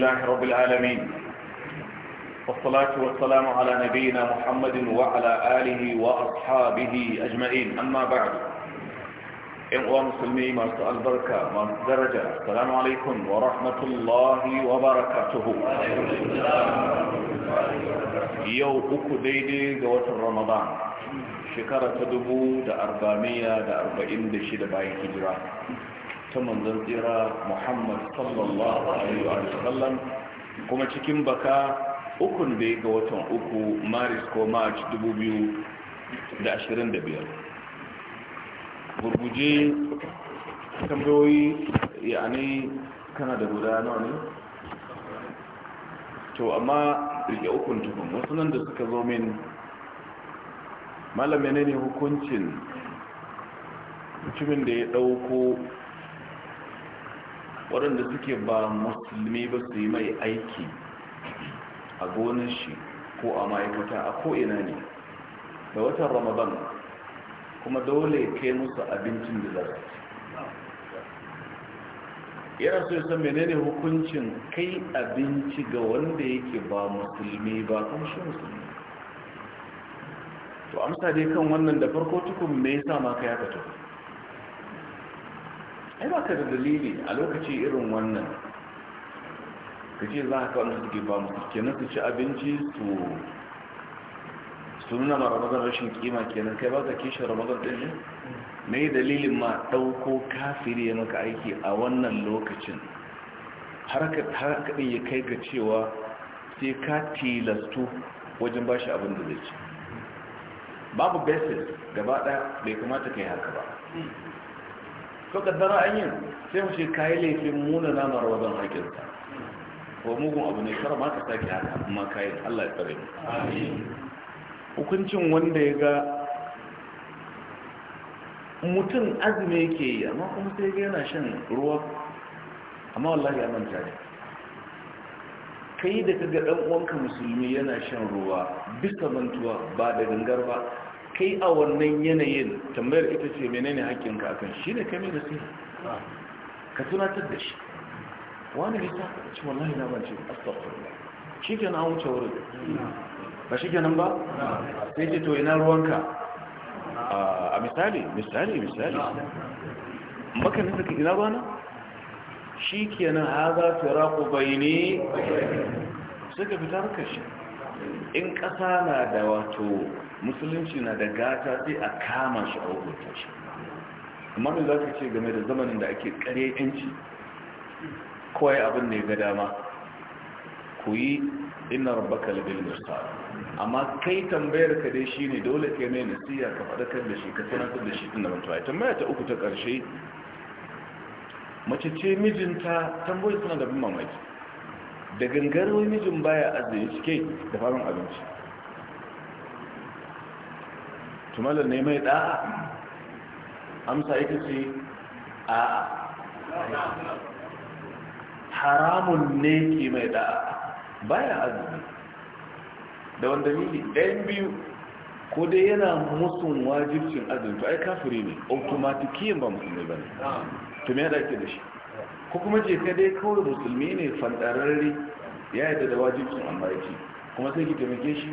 لله رب العالمين والصلاة والسلام على نبينا محمد وعلى آله وأصحابه أجمعين أما بعد إخوة مسلمي مرسى البركة مرسى درجة السلام عليكم ورحمة الله وبركاته يو أكو ديدي قوة الرمضان شكرة دبو دا أربامية دا أربعين دشي دبائي باي هجرة ta manzan tsira muhammad sallallahu alaihi wa sallam kuma cikin baka ukun da ga watan uku maris ko march 2025 gurguje tambayoyi yani kana da guda nawa ne to amma rike ukun tukun wasu nan da suka zo min malam ne hukuncin mutumin da ya dauko waɗanda suke ba musulmi ba su yi mai aiki a gonar shi ko a ma'aikata a ko'ina ne da watan ramadan kuma dole kai musu abincin da za su yana so ya san menene hukuncin kai abinci ga wanda yake ba musulmi ba kuma shi musulmi to amsa dai kan wannan da farko tukun me yasa ma ka ya tafi ai ba ka da dalili a lokaci irin wannan ka ce za ka wani suke ba musu kenan su ci abinci su su nuna ma ramadan rashin kima kenan kai ba ka kishin ramadan din ne yi dalilin ma ɗauko kafiri ya maka aiki a wannan lokacin har ka ya kai ga cewa sai ka tilastu wajen ba shi abin da zai ci babu basis gaba ɗaya bai kamata ka yi haka ba suka dara an yi sai mu ce kayi laifin muna namar wajen haƙinsa ko mugun abu ne kar ma ta sake haka amma kayi Allah ya tsare hukuncin wanda ya ga mutum azumi yake yi amma kuma sai ga yana shan ruwa amma wallahi ya manta ne kai da ga ɗan uwanka musulmi yana shan ruwa bisa mantuwa ba da gangar ba kai a wannan yanayin tambayar ita ce menene haƙƙinka akan shi ne kai mai sai? ka tunatar da shi wani ne ta ci wallahi na bance astaghfirullah shi ke na wuce wurin ba shi nan ba sai ce to ina ruwanka a misali misali misali makanin da ina ruwana shi kenan haza firaku bayni suka fitar kashi in ƙasa na da wato musulunci na da gata sai a kama shi a hukunta shi amma da za ka ce game da zamanin da ake ƙare yanci kawai abin ne ga dama ku yi ina da labil mustara amma kai tambayar ka dai ne, dole ke mai nasiya ka faɗakar da shi ka sanar da shi tun da mantuwa tambaya ta uku ta ƙarshe mace ce mijinta tambayi suna da bin mamaki da gangar wani mijin baya azumi cike da farin abinci tumalar ne mai da amsa ita ce a haramun ne ke mai da baya azumi da wanda mili ɗayan biyu ko dai yana musun wajibcin azumi to ai kafiri ne automatikiyin ba musulmi ba ne to me da ake da shi ko kuma je ka dai kawai musulmi ne fantararri ya yi da wajibcin ce. kuma sai ki taimake shi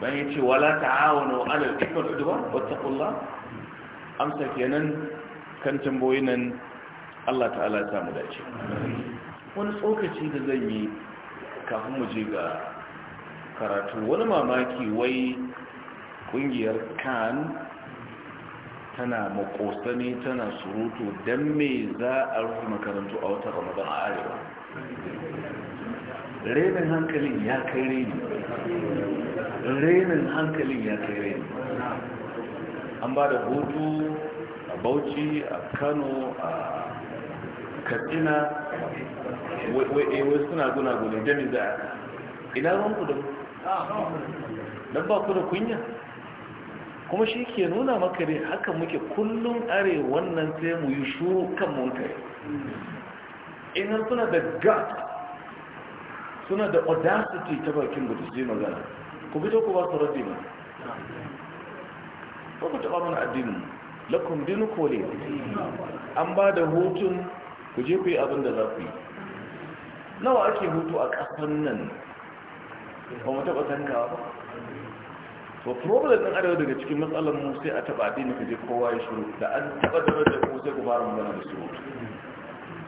bayan ya ce wala ta'awanu wa'adar ikon wal wata kula. amsa kenan kan tamboyi nan Allah ta'ala ta mu dace wani tsokaci da zan yi kafin mu je ga karatu wani mamaki wai kungiyar kan tana makosani tana surutu don me za a rufe makarantu a wata ramadan a arewa renin hankalin ya kai reni renin hankalin ya kai reni an ba da hutu a bauchi a kano a katsina wai eh, suna gunagunin don za a ina ranku da ba ku da kunya kuma shi ke nuna maka ne haka muke kullum are wannan sai mu yi shuru kan munkari inan suna da gut suna da audacity ta bakin gudu su magana ku fito ku ba su rabi ba ko ku taɓa mana addinin lakon dinu kole an ba da hutun ku je ku yi abin da za ku yi nawa ake hutu a ƙasan nan ba mu taɓa tankawa ba to problem din arewa daga cikin matsalar mu sai a taba addini kaje kowa ya shiru da an taba da da ko sai ku fara magana da surutu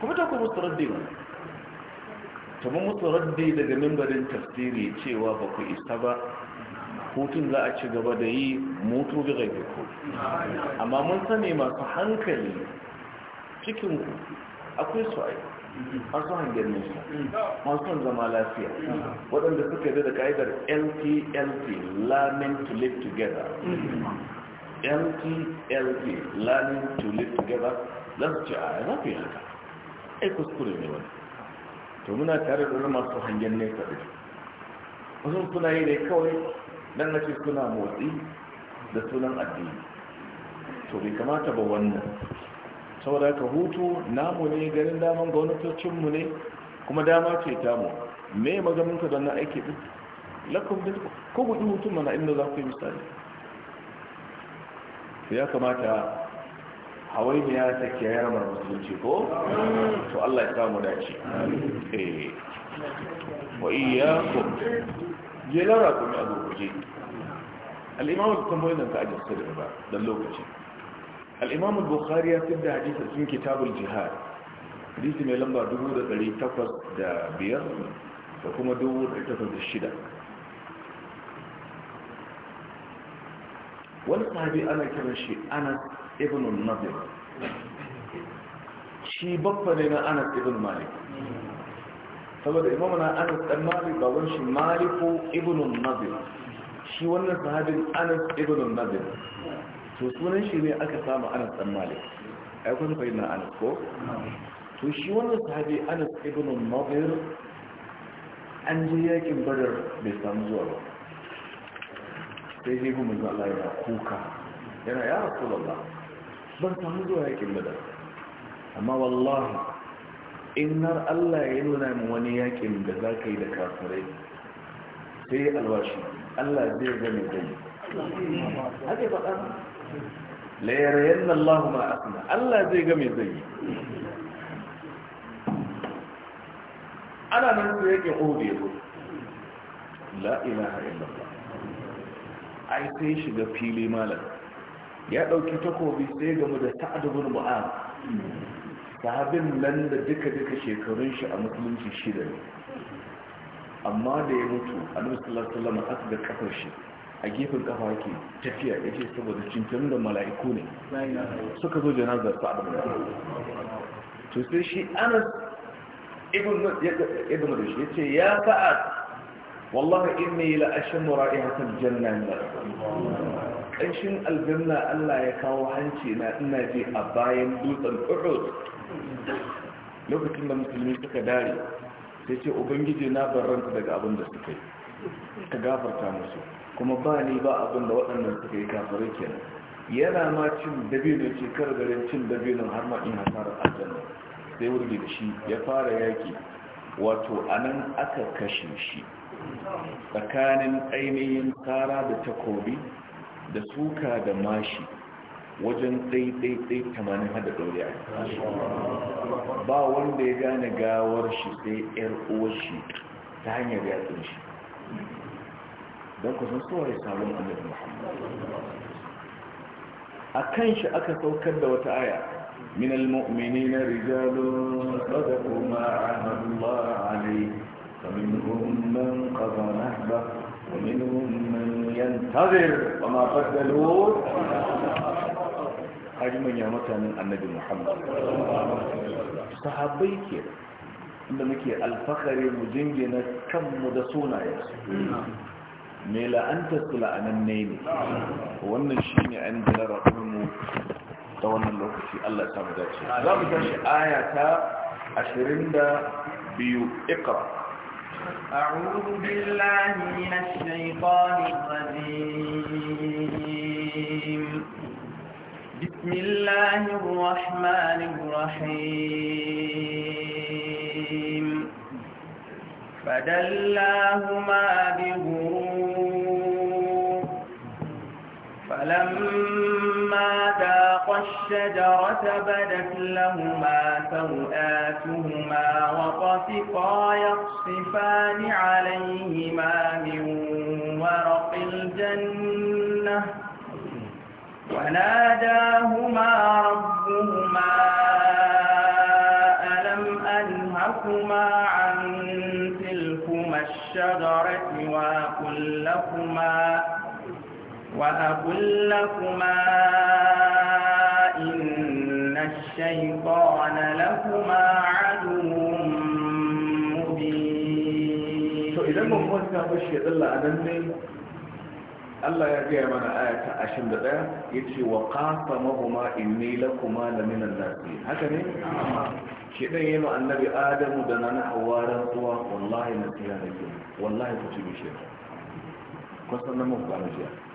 kuma ta ku musu ne to ta mu daga mimbarin tafsiri cewa ba ku isa ba hutun za a ci gaba da yi mutu bi gaibe ku amma mun sani masu hankali cikin akwai su ai masu hangen nesa masu zama lafiya waɗanda suka yi da ƙa'idar ltlp learning to live together ltlp learning to live together za su ce a yana fi haka ai kuskure ne wani to muna tare da masu hangen nesa da wasu suna yi ne kawai don na ce suna motsi da sunan addini to bai kamata ba wannan saboda ka hutu namu ne ganin daman gwamnatocinmu ne kuma dama ce ta mu. me magaminka don na aiki ɗin lakon bin ko kuɗi hutun mana inda za ku yi misali ya kamata hawainiya ta kiyayar mara musulunci ko to allah ya samu dace eh. wa iya ku jelara kuma a gurguje al'imamar tambayin da ka ajiyar da ba don lokaci. al-imam bukhari ya fitar da hadisin cikin kitabul jihar, hadisi mai lamba 1805 da kuma 1806 wani sahabi ana kiran shi anas ibn nadir shi babba ne na anas ibn malik saboda imamu na anas dan malik wani shi ko ibn nadir shi wannan sahabin anas ibn nadir to sunan shi ne aka samu anas dan malik ai kun fahimta anas ko to shi wannan sahabi anas ibn nadir an je yakin badar da samu zuwa ba sai shi kuma zuwa Allah ya kuka yana ya rasulullah ban samu zuwa yakin badar amma wallahi innar Allah ya nuna mu wani yakin da za ka yi da kafirai sai alwashi Allah zai zama gani haka faɗa la yarayanna Allahu ma Allah zai ga me zai yi ana nan su yake ya ko la ilaha illallah ai sai shiga fili malam ya dauki takobi sai gamu da ta'ad ibn sahabin nan da duka duka shekarun shi a musulunci shida ne amma da ya mutu annabi sallallahu alaihi wasallam aka ga kafar shi a gefen kafa yake tafiya ya ce saboda cincin da mala'iku ne suka zo janazar sa'ad mai to sai shi anas ibn ibn rushd ya ce ya sa'ad wallahi inni la ashmu ra'ihatal janna kanshin aljanna Allah ya kawo hanci na ina je a bayan dutsen Uhud lokacin da musulmi suka dare sai ce ubangiji na barranta daga abin da suka yi ka gafarta musu kuma ba ni ba abin da waɗannan suka yi kafirai kenan yana ma cin dabino ce kar garin cin dabinin har ma in hasarar aljanna sai wurgi da shi ya fara yaki wato anan aka kashe shi tsakanin ainihin tsara da takobi da suka da mashi wajen ɗaiɗaiɗai tamanin hada ɗoriya ba wanda ya gane gawar shi sai 'yar uwar shi ta hanyar yatsun shi don ku san tsohon sabon annabi muhammad a kan shi aka saukar da wata aya min almu'minina rijalun sadaqu ma ahadullah alayhi فمنهم من قضى نهبه ومنهم من ينتظر وما بدلوا haji manya mutanen annabi muhammad sahabbai ke inda muke alfakari mu jingina kanmu da sunayensu mai la'antar su la'ananne ne wannan shi ne an jira rakunmu ta wannan lokaci allah ta dace za mu tashi aya ta ashirin da biyu ikra أعوذ بالله من الشيطان الرجيم بسم الله الرحمن الرحيم فدلاهما بغرور فلما ذاقا الشجرة بدت لهما سوآتهما وطفقا يقصفان عليهما من ورق الجنة وناداهما ربهما ألم أنهكما عن تلكما الشجرة وأقل لكما وأقول لكما إن الشيطان لكما عدو مبين إذا ما فهمت الشيء إلا Allah ya gaya mana aya ta ashirin da ɗaya ya ce wa ƙasa mahuma inni lakuma da minan nasi haka ne? shi ɗan yi annabi adamu da na hawa rantsuwa wallahi na tiya da wallahi ku ci bishiyar kwasan na mafi ƙwarar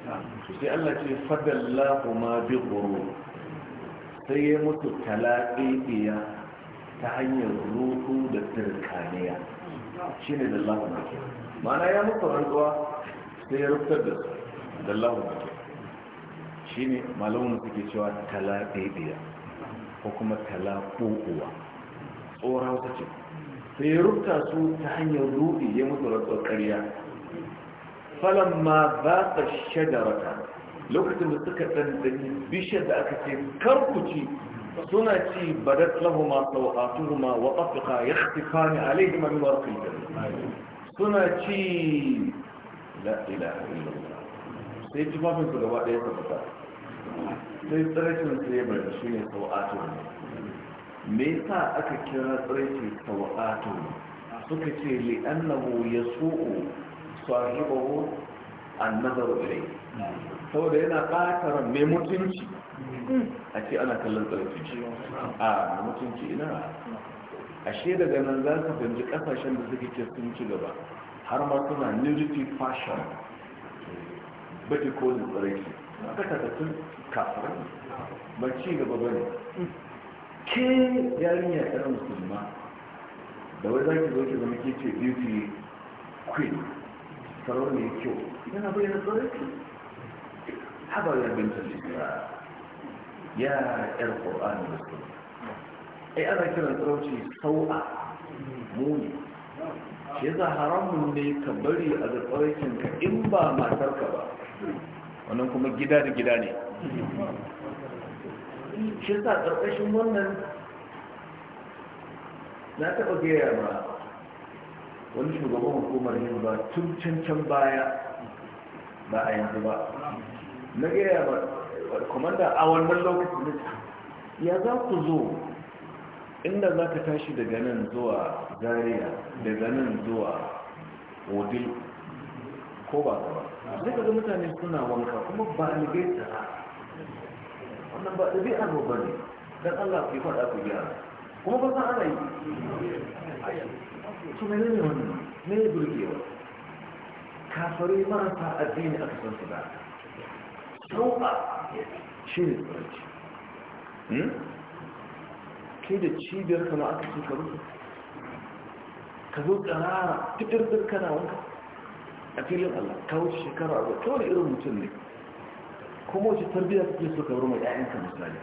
sai Allah ce fadallahu ma bi ghuru sai ya mutu talaqiya ta hanyar ruhu da tirkaniya shine da ma ke ma'ana ya mutu rantsuwa sai ya rubutar da su dallahu ma ke shine malamin suke cewa talaqiya ko kuma talaquwa tsora wata ce sai ya rubuta su ta hanyar ruhi ya mutu rantsuwar ƙarya فلما باق الشجرة لو كتم تكتا بشد أكتب كركتي سنتي بدت لهما طوحاتهما وطفقا يختفان عليهما من ورق الجنة سنتي لا إله إلا الله سيدي ما من كل واحد يتبقى سيدي تريد من سيبرا شوية طوحاتهما ميسا أكتب كرا تريد طوحاتهما سكتي لأنه يسوء sahibahu annazaru ilai hmm. saboda yana ƙatar mai mutunci hmm. a ce ana kallon tsarki hmm. a mutunci ina ashe daga nan za ka fahimci kasashen da suke ke sun ci gaba har ma suna nudity fashion baki ko da tsarki aka takatun kafirin ba ci gaba ba ne ke yarinya ɗan musulma da wai za ki zo ki zama ke ce beauty queen salon ne kyau yana bayyana tsarki haɓar ya binta shekara ya yar ƙor'ani da su ai ana kiran tsarauci sau'a muni shi yasa haramun ne ka bari a da tsarkin ka in ba matarka ba wannan kuma gida da gida ne shi yasa ƙarƙashin wannan na taɓa gaya ba. wani shugaban hukumar yin ba tun cancan baya ba a yanzu ba na gaya ba kwamanda a wannan lokacin da ya za ku zo inda za ka tashi daga nan zuwa Zariya daga nan zuwa wudil ko ba zai ka ga mutane suna wanka kuma ba aligai tsara wannan ba ɗabi'a ba ne don allah ku yi faɗa ku gyara kuma ba za ana yi su mai ne wannan ne ya burgewa kafari marasa addini aka san su da sau'a shi ne tsoranci hmm? ke da cibiyar kama aka ce karu ka zo tsara fitar dukkanin wanka a filin allah ka wuce shekara a kawai irin mutum ne kuma wace tarbiyyar ke so ka ruma ‘ya'yanka misali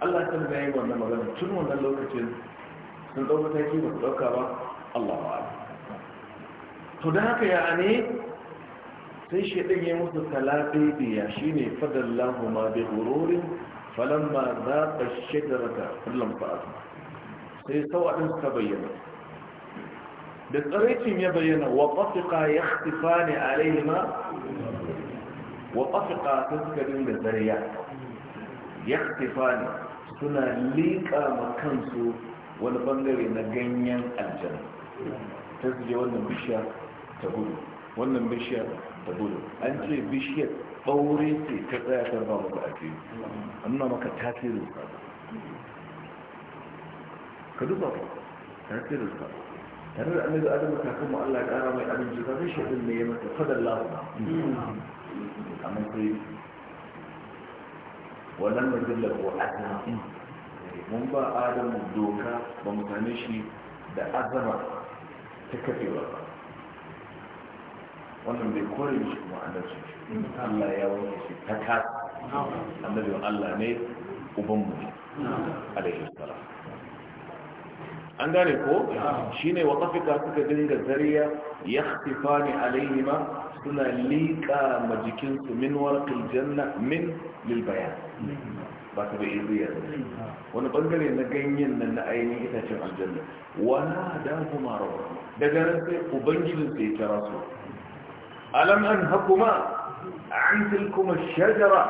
Allah ta da ya yi wannan magana tun wannan lokacin sun ɗau mataki ba ku ɗauka ba Allah ba to da haka ya ne sai shaɗin ya musu talaɓe biya shi ne fadallahu ma bi hururin falamma za ka shaɗarata kullum fa'adu sai sawaɗin ta bayyana da tsaraicin ya bayyana wa ƙafiƙa ya ƙafiƙa ne a laihima wa ƙafiƙa ta suka dinga zariya ya ƙafiƙa ne suna liƙa ma kansu wani bangare na ganyen aljanna ta zuje wannan bishiyar ta gudu wannan bishiyar ta gudu an ce bishiyar ɓaure ce ta tsaya ta ba maka ake nuna maka tasirin sa ka duba ka tasirin sa tare da annabi adam ta kuma Allah ya kara mai abinci ka shi din ne ya maka fadallahu amma sai wannan majalar ko azami mun ba adamu doka ba mutane shi da azama ta kafewa ba wannan bai kore shi kuma annabci Allah ya wanke shi ta ka annabin Allah ne ubanmu ne alaihi salam an gane ko shine wa kafika suka dinga zariya ya khtifani alaihima suna liƙa ma jikinsu min warqil janna min lil bayan ba ta da iriya wani bangare na ganyen nan na ainihin itacen aljanna wana da kuma rawa daga nan sai ubangijin sai ta rasu alam an hakuma an tilkuma shajara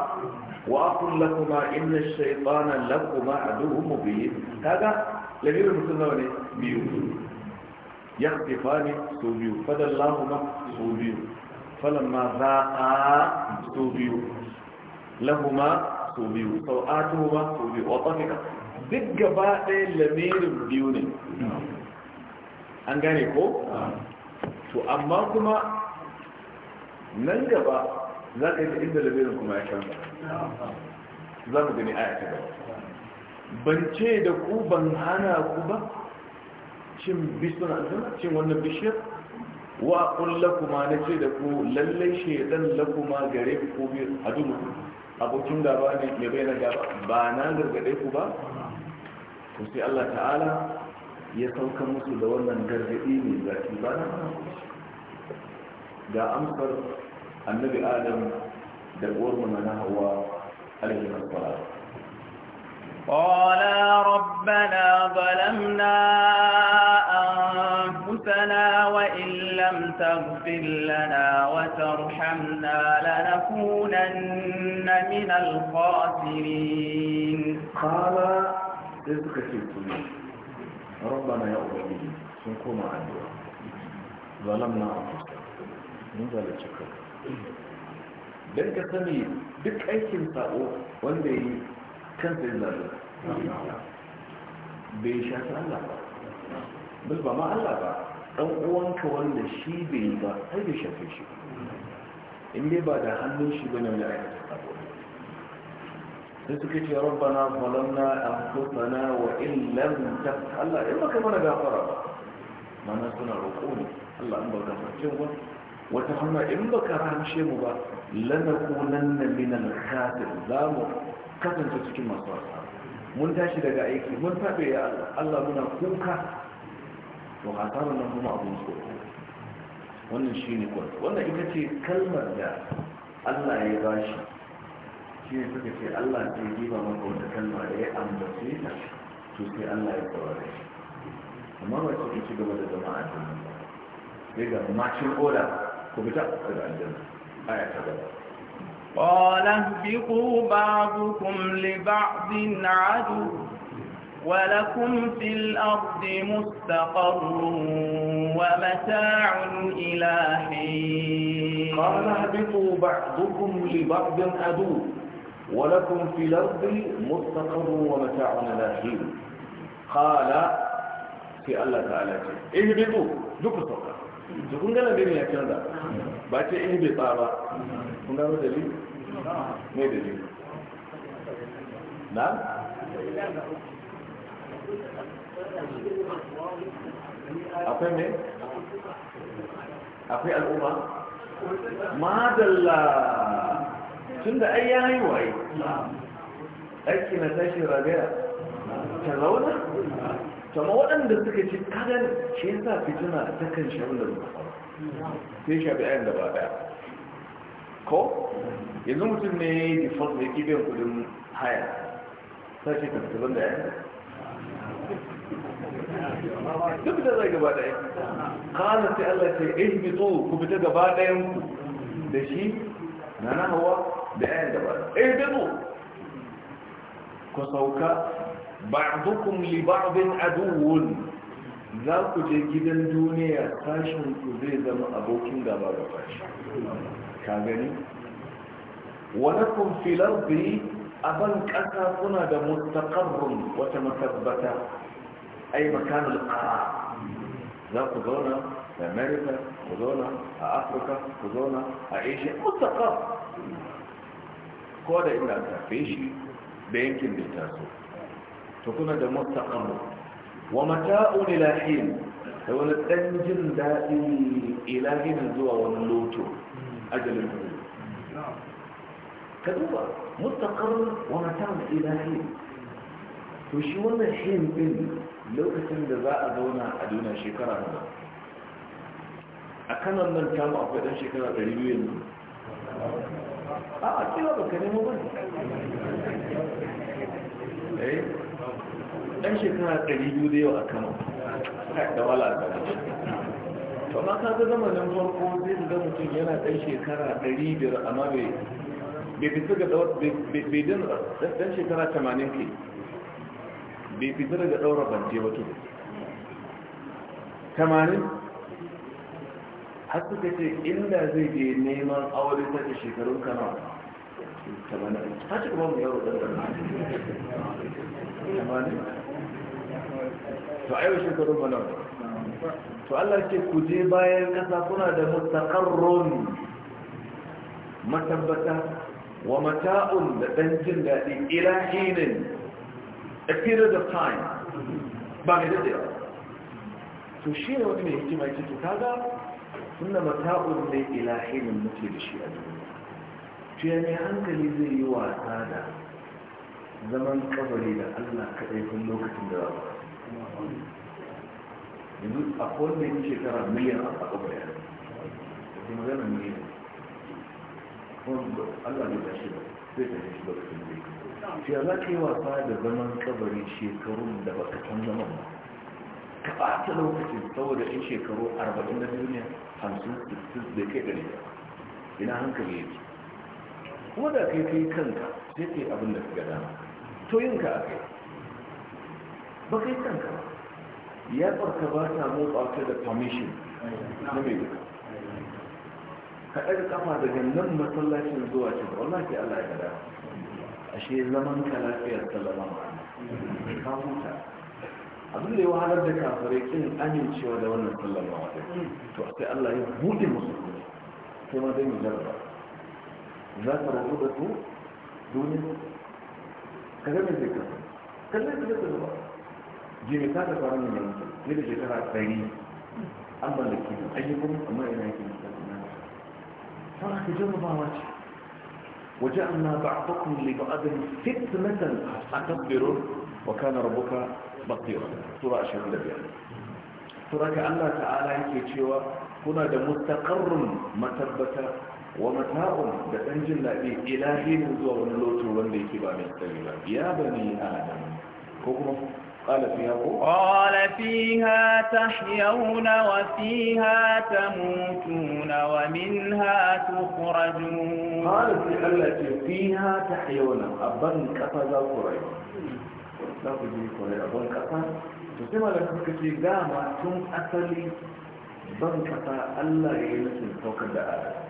wa akun lakuma inna shaytana lakuma aduwwu mubin kaga lamirin mutum nawa ne biyu ya ne so biyu fadallahuma so biyu falamma zaqa so biyu lahuma to biyu to ma to biyu wa tsafika duk gaba ɗaya lamirin biyu ne an gane ko? to amma kuma nan gaba za ka yi ta inda lamirin kuma ya canza za mu gani ayyata ba. ban ce da ku ban hana ku ba cin bisun aljanna cin wannan bishiyar wa kullakuma na ce da ku lallai shaidan lakuma gare ku biyu a duk abokin gaba ne mai bayyana gaba ba na gargade ku ba ku sai Allah ta'ala ya sauka musu da wannan gargaɗi mai zafi ba na ga amsar annabi adam da uwar mana hawa alaihi wasallam قالا ربنا ظلمنا أنفسنا وإن لم تغفر لنا وترحمنا لنكونن من الخاسرين قال رزق ربنا يا أولي سنكون عدوا ظلمنا أنفسنا من ذلك شكرا don ka بك أي aikin sa'o kansa ya zaɓi bai shafi Allah ba bai ba ma Allah ba ɗan uwanka wanda shi bai yi ba ai bai shafe shi in dai ba da hannun shi ba bane wani aikata sabo sai suka ce rabbana zalamna anfusana wa in lam Allah in baka mana gafara ba mana suna roƙo ne Allah in ba gafarce ba wata hannu in baka rahamshe mu ba lanakunanna min al-kafir za mu kasance cikin masu wasa mun tashi daga aiki mun taɓe ya Allah Allah muna kuka to hasarar nan kuma abin so. wannan shi ne kwan wannan ita ce kalmar da Allah ya ba shi shi ne suka ce Allah ce ba maka wata kalma da ya ambace ta to sai Allah ya saurare shi amma ba su ci gaba da zama a duniya sai ga macin oda ku fita daga aljanna a ta ba. قال اهبطوا بعضكم لبعض عدو ولكم في الأرض مستقر ومتاع إلى حين قال اهبطوا بعضكم لبعض عدو ولكم في الأرض مستقر ومتاع إلى حين قال في الله تعالى اهبطوا ذكرتوا تكون قال بني يا باكي اهبطوا اهبطا با كنا بدليل ne da ne na? akwai ne? akwai al'umma? madalla tun da ai ya haihuwa aiki na tashi rabia ta zauna? kama waɗanda suka ce kagan shi yasa fituna ta kan shi wanda zuwa sai shafi ayin da ba daya ko yanzu mutum ne ya yi default mai kibiyar kudin haya sashi kan su banda ya duk da zai gaba ɗaya kana sai Allah ce in eh, bi ku fita gaba ɗayan ku da shi na na hawa da yayin gaba ɗaya in eh, bi ku sauka ba'dukum li ba'din aduwwun za ku je gidan duniya tashin ku zai zama abokin gaba da kashi. ka gani walakun filar bi a ban ƙasa kuna da mustaqarrun wata matabbata ai makanul ƙara za ku zauna a america ku zauna a afirka ku zauna a asia mustaqar ko da ina tafe shi da yankin da taso to kuna da mustaqar wa mata'un ilahin da wani ɗan jin daɗi ilahin zuwa wani loto ajalin mu ka duba mustaqarr wa mata'un ila hin to shi wannan hin din lokacin da za a zauna a duniya shekara nawa a kanan nan ta mu akwai ɗan shekara ɗari biyu yanzu a a kira ba ka nemo ba eh dan shekara biyu da yau a kanan da wala ta Bama ka ga zamanin farko zai ga mutum yana ɗan shekara ɗari biyar amma bai fita bai ɗan shekara tamanin bai fi daga daura bance ba tamanin har suka ce inda zai je neman aure ta da shekarun kana tamanin kuma mu ɗan ɗan tamanin to a shekarun ba to Allah ke ku je bayan kasa kuna da mustaqarrun matabbata wa mata'un da ɗan jin dadi ila hinin a period of time ba mai dade ba to shi ne wani mai hikima ce to kaga sunna mata'un ne ila hinin muke da shi a duniya to ya mai hankali zai yi wasa da zaman kabari da Allah kaɗai kun lokacin da ba yanzu a kowane yin shekara miliyan a faɗo bayan da kuma zana miliyan Allah ne tashi ba zai tashi shi ba su ne shi ya za ka yi wasa da zaman kabari shekarun da ba ka can zaman ba ka ɓata lokacin saboda in shekaru arba'in na duniya hamsin sittin bai kai ɗari ina hankali ya ce. kuma da kai kai kanka sai kai abin da ka gada to yin ka a kai ba kai kanka ba ya tsarka ba ta motsa ta da permission na mai duka kaɗar kafa daga nan masallacin zuwa ce da ke Allah ya gada ashe zaman ka lafiyar ta zama ma'ana ka huta abin da ya wahalar da kafare kin amincewa da wannan sallama wata to sai Allah ya buɗe musu kuma sai ma dai mu jarraba za ka rabu da su duniya ka ga zai kasa kallon ka zai ba jini ta tafa wani ne ne da shekara ɗari an mallaki da ayyukan amma ina yake musamman na ta haka jarrabawa ce waje an na ba a bakun liba adin fitnatan a tabbirun wa kana rabuka bakiyar sura 25 sura ka allah ta'ala yake cewa kuna da mustaqarrun matabbata wa mata'un da ɗan jin daɗi ilahi zuwa wani lotu wanda yake ba mai tsari ba ya bani adam ko kuma قال فيها تحيون وفيها تموتون ومنها تخرجون قال في التي فيها تحيون أبن كفز قريب والسلام في قريب أبن كفز تسمى لك كتير داما تم أسلي بن كفا ألا يلسل فوق الدعاء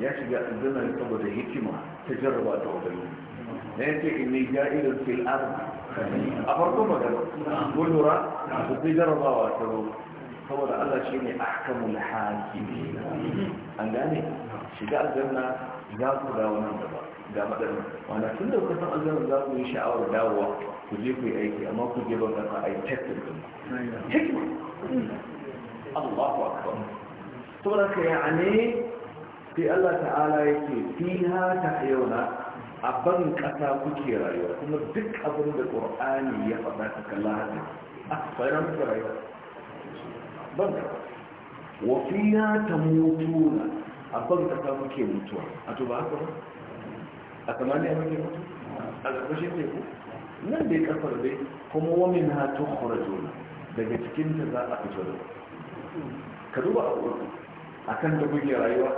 يا شجاع الزمن تبدأ هكما تجربة أولي لكن إني جائل في الأرض a farkon magana mun lura da zai jarabawa ta ruwa saboda Allah shi ne a ahkamul hakimi an gane shiga aljanna za ku dawo nan gaba ga madadin wanda tun da kusan aljanna za ku yi sha'awar dawowa ku je ku yi aiki amma ku je ban kasa a yi tattin hikima Allahu akbar saboda ka yi a ne sai Allah ta'ala yake fiha ta yau na a ban kasa kuke rayuwa kuma duk abin da ƙor'ani ya faɗa ta kalla hajji a bayan kuka rayuwa ban kasa wafiya ta mutuna a ban kasa kuke mutuwa a to ba haka ba a samaniya kuke mutu a ƙarƙashin teku nan dai kasar dai kuma na hatu kwara juna daga cikinta za a fito da ka duba a ƙurƙu a kan da kuke rayuwa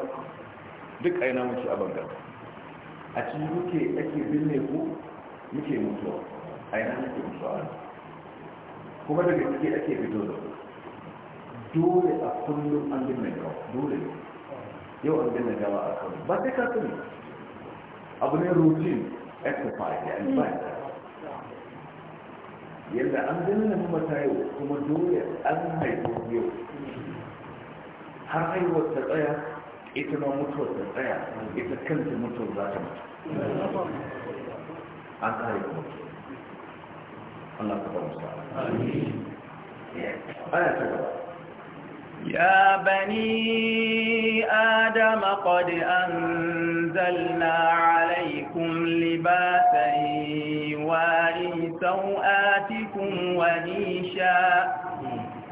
duk aina muke a bangare a cikin muke ake binne ku muke mutuwa a yana muke mutuwa kuma daga ciki ake fito da ku dole a kullum an binne gawa dole ne yau an binne gawa a kan ba sai ka sani abu ne routine exercise ya yi ba yadda an binne ta yau kuma dole an haifo yau har haihuwar ta tsaya ita ma mutuwar ta tsaya ita kanta mutuwar za ta mutu an kare ku mutu Allah ka bar musa aya ta gaba يا بني آدم قد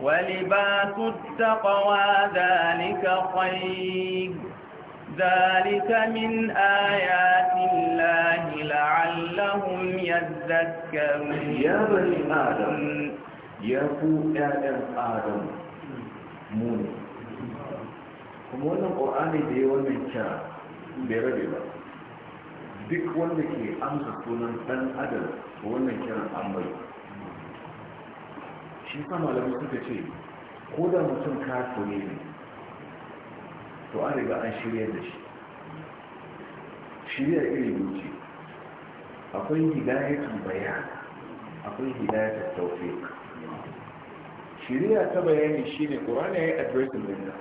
ولباس التقوى ذلك خير ذلك من آيات الله لعلهم يذكرون يا بني آدم يا كو آدم آدم مون kuma wannan da ya wannan kira bai rabe ba duk wanda ke amsa sunan ɗan adam wannan kiran an bari. shi sa malamai suka ce ko da mutum tsoye ne to an riga an shirya da shi shirya iri wuce akwai hidayatun bayan akwai hidayatun taufe shirya ta bayani shine qur'ani ya yi adresin da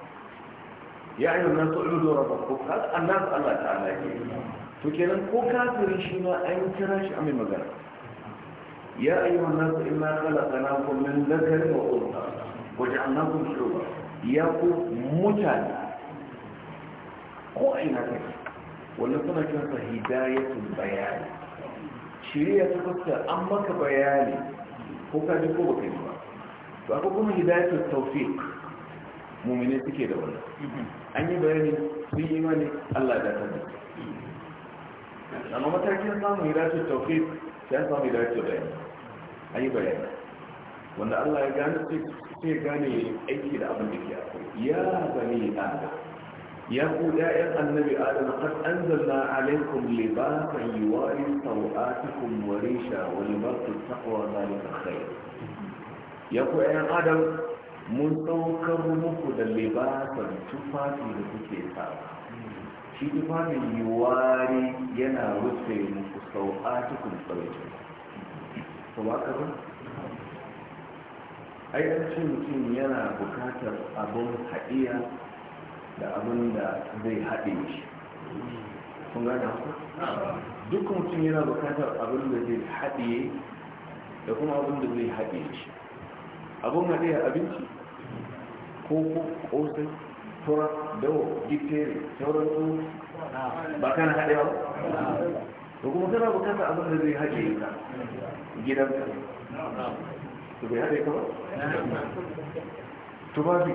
ya ayyuhan nasu ubudu rabbakum hada annas Allah ta'ala ke to kenan ko kasu shi ma an kira shi a mai magana يا أيها الناس إنا خلقناكم من ذكر وأنثى وجعلناكم شعوبا يا متاني ko a ina kai wanda suna kinsa hidayatul bayani shirya ta fuskar an maka bayani ko kaji ko baka yi ba to akwai kuma hidayatul tawfiq mumine suke da wani. an yi bayani sun yi imani Allah da ta amma matakin samun hidayatul tawfiq sai an samu da bayani a yi bayani wanda Allah ya gane sai gane aiki da abin da ke akwai ya bani adam ya ku 'yan annabi adam qad anzalna alaikum libasan yuwari sawatikum wa risha wa libasu taqwa zalika khair ya ku 'yan adam mun saukar muku da libasan tufafi da kuke sawa shi imamin yiwuwari yana rufe muku sau a cikin tsawaitin ba ba ka ba ai an ce mutum yana bukatar abin haɗiya da abin da zai haɗe shi kun gane ku duk mutum yana bukatar abin da zai haɗiye da kuma abin da zai haɗe shi abin haɗe abinci ko ko ƙosai sauran dawo dikteri sauran su ba kan haɗe ba to kuma kana bukata abin da zai haɗe ka gidan ka to bai haɗe ka ba to ba bi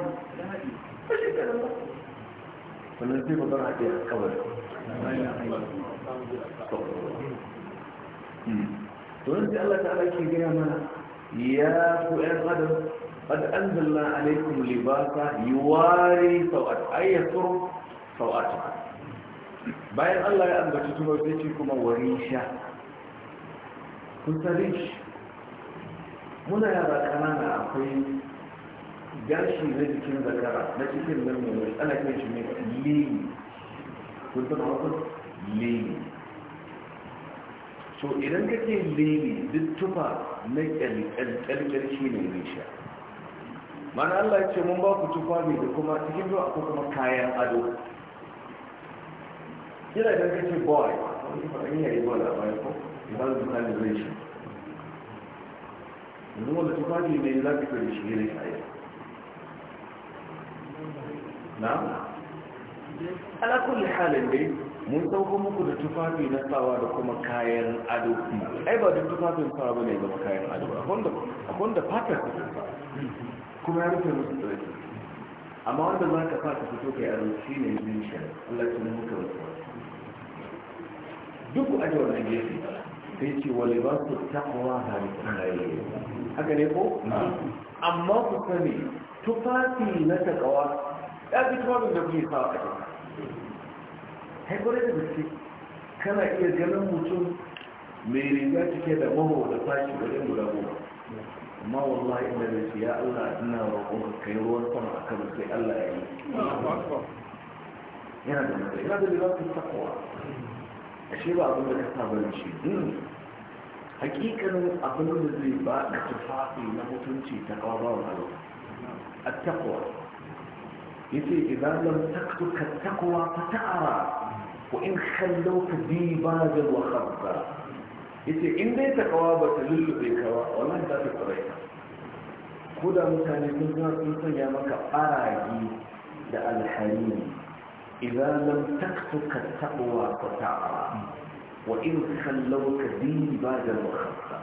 sannan zai magana haɗe a kawai hmm. to wani sai Allah ta'ala ke gaya mana ya ku 'yan adam قد أنزلنا عليكم لباسا يواري سوءات أي يسر سوءاتكم bayan Allah ya ambaci tuno sai ce kuma warisha kun sani muna yara kanana akwai gashi na jikin zakara na cikin nan mai ana kai shi kun so idan kake lili duk tufa na kyalkyalkyal ne risha mana Allah ya ce mun ba ku tufafi da kuma cikin biyu akwai kuma kayan ado kira da ka ce boy wani kuma an yi boy a bayan ko idan zuwa ne zai shi yanzu wanda tufafi ne za ka kira shi gire a na ala kulli halin dai mun sauko muku da tufafi na sawa da kuma kayan ado ai ba duk tufafin fara bane ga kayan ado akwai da fatar ka kuma ya rufe musu tsarki amma wanda za ka fata fito kai aro shi ne yin shari Allah ya nemi ka wasu duk a aje wannan gefe sai ce wa libasu taqwa halittai haka ne ko amma ku sani tufafi na taqwa ya fi tufafin da kuke sawa a jika kai kwarai da gaske kana iya ganin mutum mai riga cike da mahu da fashi wajen guda goma amma wallahi ina da ya Allah ina roƙon ka kai ruwan sama a kan sai Allah ya yi yana da mutum yana da lafiyar takwa ashe ba abin da ka sa da shi hmm. hakikanin abin da zai ba da tufafi na mutunci ta kawo ba wa a Ya ce idan lam taktuka takwa fa ta'ara wa in khallawka dibajan wa khabba yace in dai takawa ba ta lullube kawa wannan za ta tsare ka ko da mutane sun san sun sanya maka ɓaragi da alharimi idan lam ka taqwa fa ta'a wa in khallawka bi ba da khassa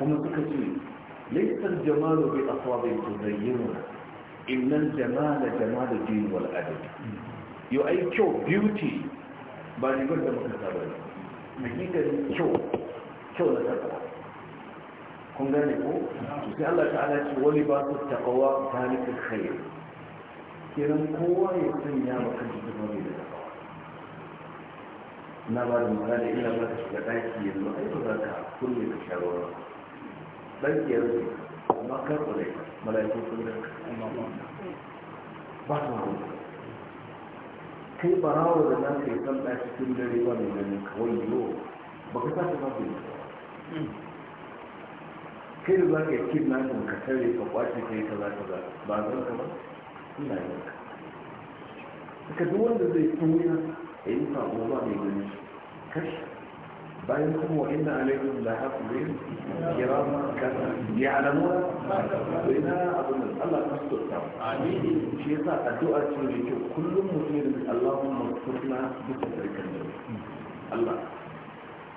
kuma suka ce laysa al-jamalu bi aswabi tuzayyinuna ina al-jamala jamalu din wal adab yo ai kyau beauty ba rigar da muka ba ne hakikar kyau kyau na takawa kun gane ko sai Allah ta'ala ce wani ba su takawa zalika khair kiran kowa ya sanya ma kan shi da da takawa na ba da misali ina ba ka shiga daki yanzu ai ba za ka kulle ka sha ruwa daki yanzu amma kar ku dai malaiku sun da ba su hawa kai rawar da za ka yi ɗaya cikin dare ba mai ganin kawai yiwu ba ka sa ta ba ne kai da za ka yi kin nasin ka tare ka kwace kai ka za ka za ba a zan ka ba ina yi ka ka duk wanda zai tsoya ya yi sabo ba mai ganin kashi bayan kuma wa inna alaikum la hafizin kiram kana ya'lamuna to ina abun Allah ya tsotsa amin shi yasa addu'a ce ne ke kullum mutum da Allahumma kunna bi tsarkan Allah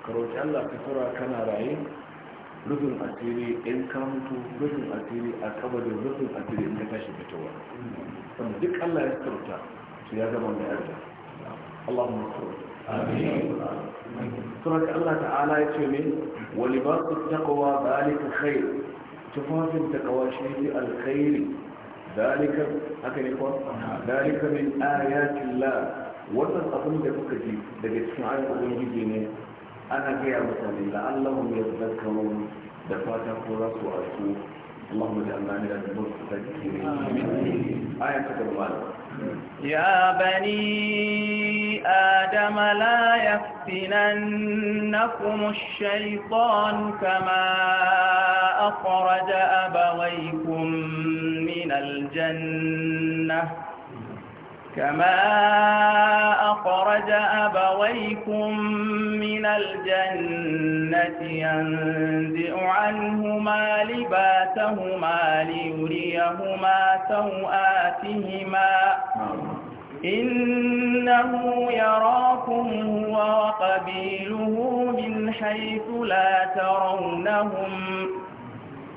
karoti Allah ka tura kana raye rufin asiri in ka mutu rufin asiri a kabarin rufin asiri in ka tashi fitowa wanda duk Allah ya tsarta to ya zama mai arda Allahumma tsarta suraka Allah ta'ala ya ce ne wa libasu taqwa zalika khair tufafin taqwa shi alkhairi zalika haka ne kuwa zalika min ayatin la wannan abin da kuka ji daga cikin ayoyin ubangiji ne ana gaya masa mutane la'allahum yadhakkarun da fata ko za su asu اللهم اجعلنا من المتذكرين آية كتب مالك يا بني آدم لا يفتننكم الشيطان كما أخرج أبويكم من الجنة كما أخرج أبويكم من الجنة ينزع عنهما لباسهما ليريهما سوآتهما نعم. إنه يراكم هو وقبيله من حيث لا ترونهم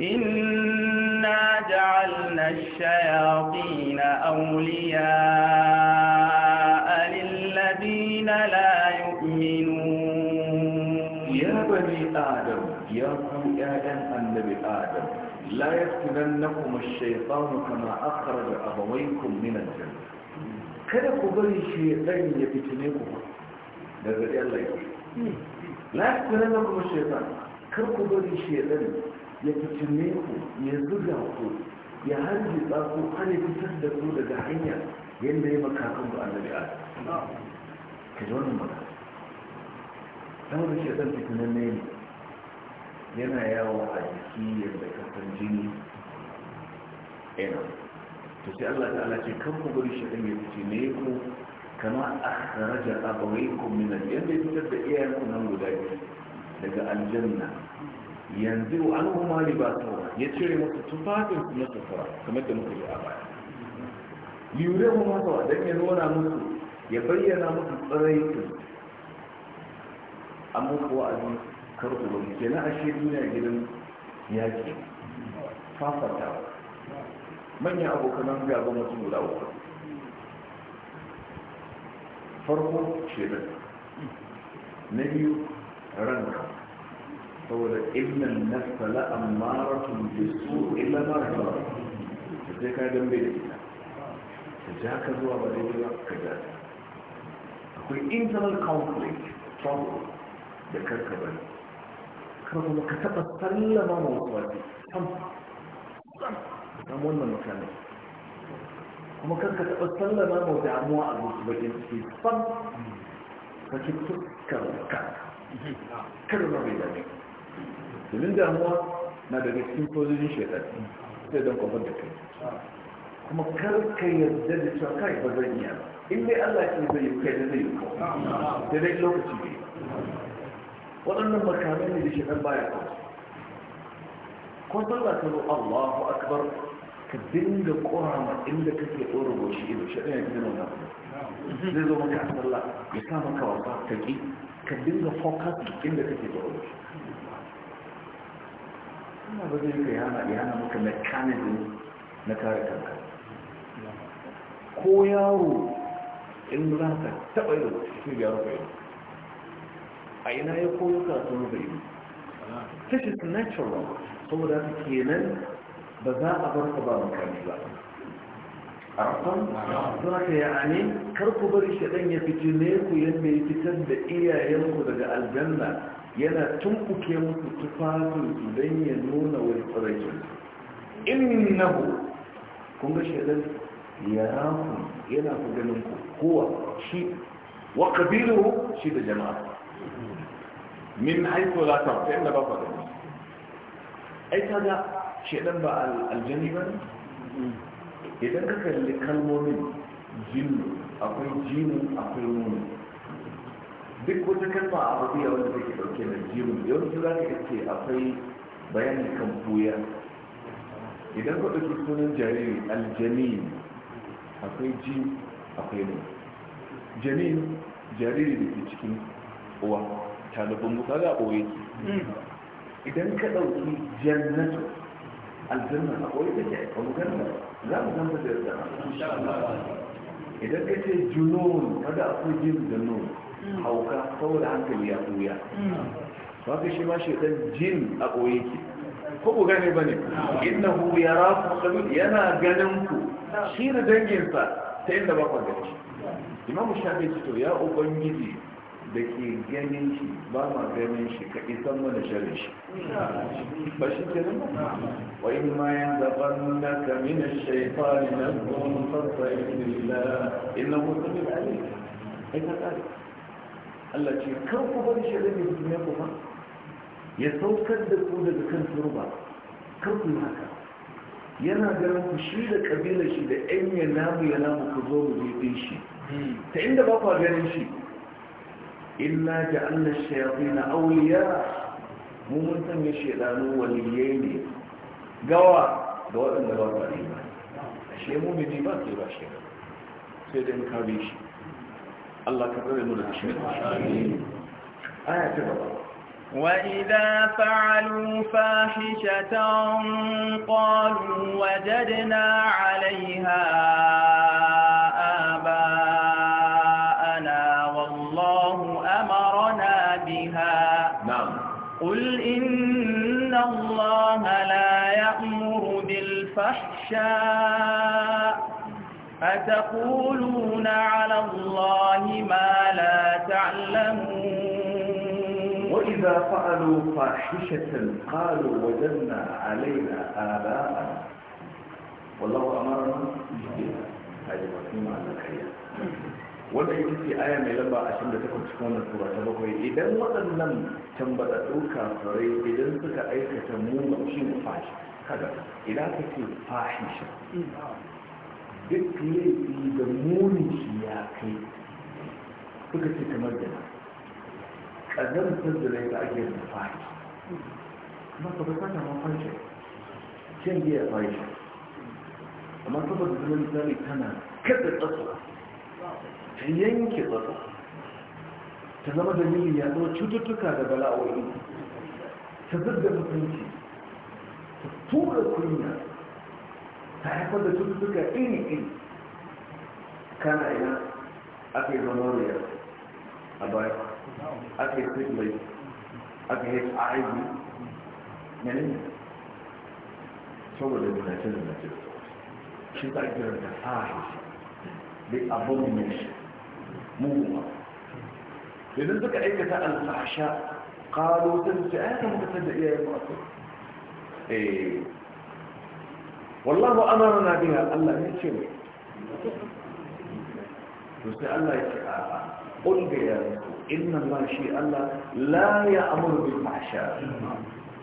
إنا جعلنا الشياطين أولياء للذين لا يؤمنون يا بني آدم يا بني آدم النبي آدم لا يفتننكم الشيطان كما أخرج أبويكم من الجنة kada ku bari shaitan ya fitine ku daga Allah ya kar ku bari ya fitine ku ya zuga ku ya harjitsa ku hana fitar da ku daga hanya yadda ya makakan ku annabi a ka ji wannan maka Ta wani shi dan fitinan ne yana yawo a jiki yadda ka san jini ina to sai Allah ta'ala ce kan ku bari shi dan ya fitine ku kama akhraja abawaykum min al-jannati yadda ya fitar da iyayenku nan guda biyu daga aljanna yanzu an huma libatawa ya cire musu tufafin na sutura kamar da muka yi a baya yure mu masa don ya nuna musu ya bayyana musu tsiraitin an muku wa'azin karku ba ke na ashe duniya gidan yaƙi fafata manyan abokan abokanan gaba masu guda uku farko shirin na biyu ranka فقول إن النفس لأمارة بالسوء إلا ما رحمه فتكا جنبي لكنا فجاك الله بديه وكذلك أقول internal conflict trouble ذكر كبير كرب الله كتب السل ما موطواتي سم سم وانا مكاني وما كان كتب السل ما موطي عموة أبو سبجين في سم domin damuwa na daga cikin sojojin shekar sai don kwafar da kai kuma kar ka yarda da cewa kai ba zan iya in dai Allah ke zai yi kai da zai yi da dai lokaci ne waɗannan makamai ne da shekar baya ko sallah ta zo Allahu akbar ka dinga ƙorama inda kake ɗora goshi ido shaɗin ya gina wannan zai zo maka a sallah ya sa maka wasa ka ƙi ka dinga focus inda kake ɗora goshi ina ba zai ka yana yana maka mechanism na kare kanka ko yaro in za ka taɓa yi sai ya rufe yau a ina ya koyo karatun rufe yau this is natural saboda ta kenan ba za a bar ka ba makami ba arfan za ka yani kar ku bari shaɗan ya fice ne ku yadda ya fitar da iyayenku daga aljanna yana tunkuke musu tufafin don ya nuna wani tsirrakin innahu kun ga shaidar ya raku yana ku ganin ku kowa shi wa ƙabilu shi da jama'a min haifu za ta wata inda ba ku ganin ai ta ga shaidar ba aljani ba idan ka kalli kalmomin jinnu akwai jinu akwai nuna duk wata kalma a a wanda take dauke da jiru yawanci za ka ce akwai bayanin kan buya idan ka ɗauki sunan jariri aljamin akwai ji akwai ne jamin jariri da ke cikin uwa talibin musa za a ɓoye idan ka ɗauki jannatu aljanna a ɓoye da ke a mugarna za mu ganta da yadda idan ka ce junon kada akwai jin da nun hauka saboda hankali ya tuya ba ka shi ma shi shaitan jin a ɓoye ki ko ku gane ba ne inna hu ya rafu yana ganin ku shi da danginsa ta inda ba ku gani imamu shafi ci to ya ubangiji da ke ganin shi ba ma ganin shi ka isan mana sharin shi ba shi ke nan wa in ma yan zaban na kamina shaifani na kuma fasa ilila inna mutum ne ba ne ai ka tsari Allah ce kan ku bari shirin da jimai ku ba ya saukar da ku daga kan turba Kar ku haka yana ganin ku shi da kabila shi da ɗan ya namu ya namu ku zo mu jefe shi ta inda ba ku ganin shi inna ja Allah shayafi na auliya mu mun sanya shaidanu waliyai ne gawa ga waɗanda ba ku ne ba ashe mu miji ba ke ba shi sai dan kabe shi الله كرمه من الشرك آية تبقى وإذا فعلوا فاحشة قالوا وجدنا عليها آباءنا والله أمرنا بها نعم قل إن الله لا يأمر بالفحشاء أتقولون على الله ما لا تعلمون وإذا فعلوا فاحشة قالوا وجدنا علينا آباءنا والله أمرنا هذه وسيمة على الخير wanda ita ce aya mai lamba a da ta kwanci wannan tura ta bakwai idan waɗannan tambaɗaɗɗu kafirai idan suka aikata mugun shi fashi idan ka ce fahisha duk laifi da munin shi ya kai suka ce kamar da na ƙazantar da laifi ake da fashi amma ka bata ta mafashi kyan biya fashi amma saboda zama misali tana kada tsatsa ta yanke tsatsa ta zama da nini ya zama cututtuka da bala'o'i ta zirga mutunci ta tura kunya ta haifar da cututtuka iri-iri kana ina ake gonorrhea a baya ake syphilis ake hiv mene ne saboda zinacin zinacin shi ta ake da fahishi da abomination muguwa idan suka aikata alfahasha ƙaro ta zuci ayyata muka sanda iyayen masu wallahu na biha Allah ya ce mai to sai Allah ya ce a'a qul bi ya inna ma shi Allah la ya'muru bil fahsha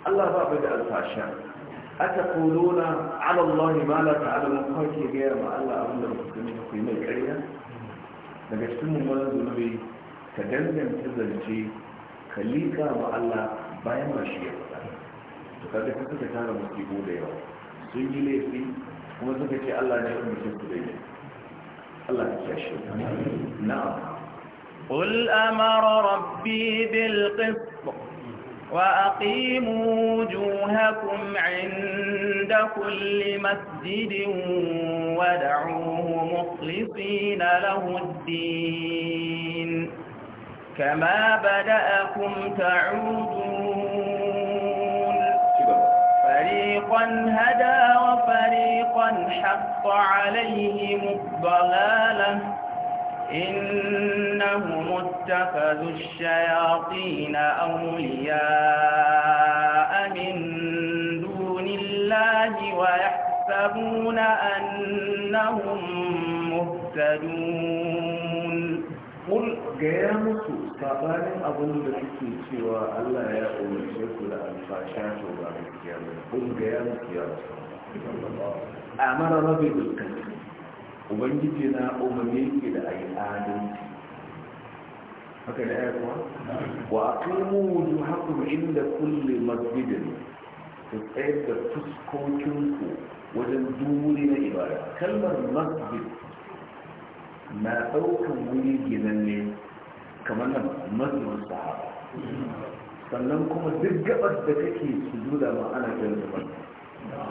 Allah ba a da alfasha ataquluna 'ala Allah ma la ta'lamun kake ga ma Allah abin da mai ƙarya daga cikin mummunan zunubi ka danganta zance ka liƙa ma Allah bayan ma shi ya faɗa to kaga kuka tara musibo da yawa sun yi laifi kuma suka ce Allah ne su Allah ya kyashe na'am قل أمر ربي بالقسط وأقيموا وجوهكم عند كل مسجد ودعوه مخلصين له الدين كما بدأكم تعودون فريقا هدى وفريقا حق عليهم الضلالة إنهم اتخذوا الشياطين أولياء من دون الله ويحسبون أنهم مهتدون kul gaya musu sabanin abin da suke cewa Allah ya umarce ku da alfasha to ba gaskiya ba kul gaya musu ya rasu amara rabi bil kanti ubangiji na umarni ke da ayi adalci haka da ya kuma wa aqimu wujuhakum inda kulle masjidin ku tsayar da fuskokin ku wajen duri na ibada kalmar masjid na ɗaukan wuri ne kamar nan mazuwar sahaba sannan kuma duk gabas da kake su zuda ma ana jan da ban da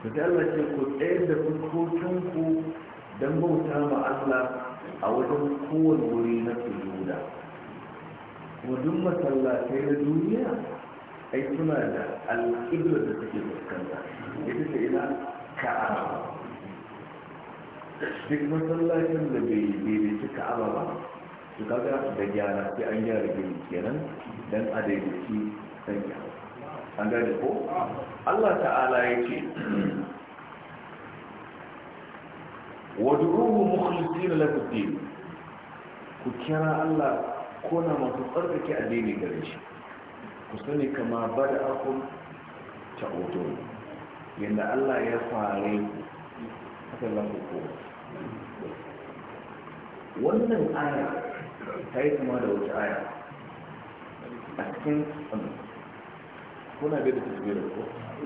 Allah ce ku tsayar da ku don bauta ma Allah a wajen kowane wuri na sujuda kuma duk masallatai na duniya ai suna da al'ibla da suke fuskanta ita ce ina ka'aba duk masallacin da bai daidaici ka'aba ba su kaga da gyara sai an gyara gini kenan dan a daidaici san gyara an gane ko Allah ta'ala ya ce wadu'uhu mukhlisina lahu din ku kira Allah ko na masu tsarkake addini gare shi ku sani kama bada akun ta odo yadda Allah ya fare haka lafi kowa wannan aya ta yi kama da wata aya a cikin kuna da da tasbir ko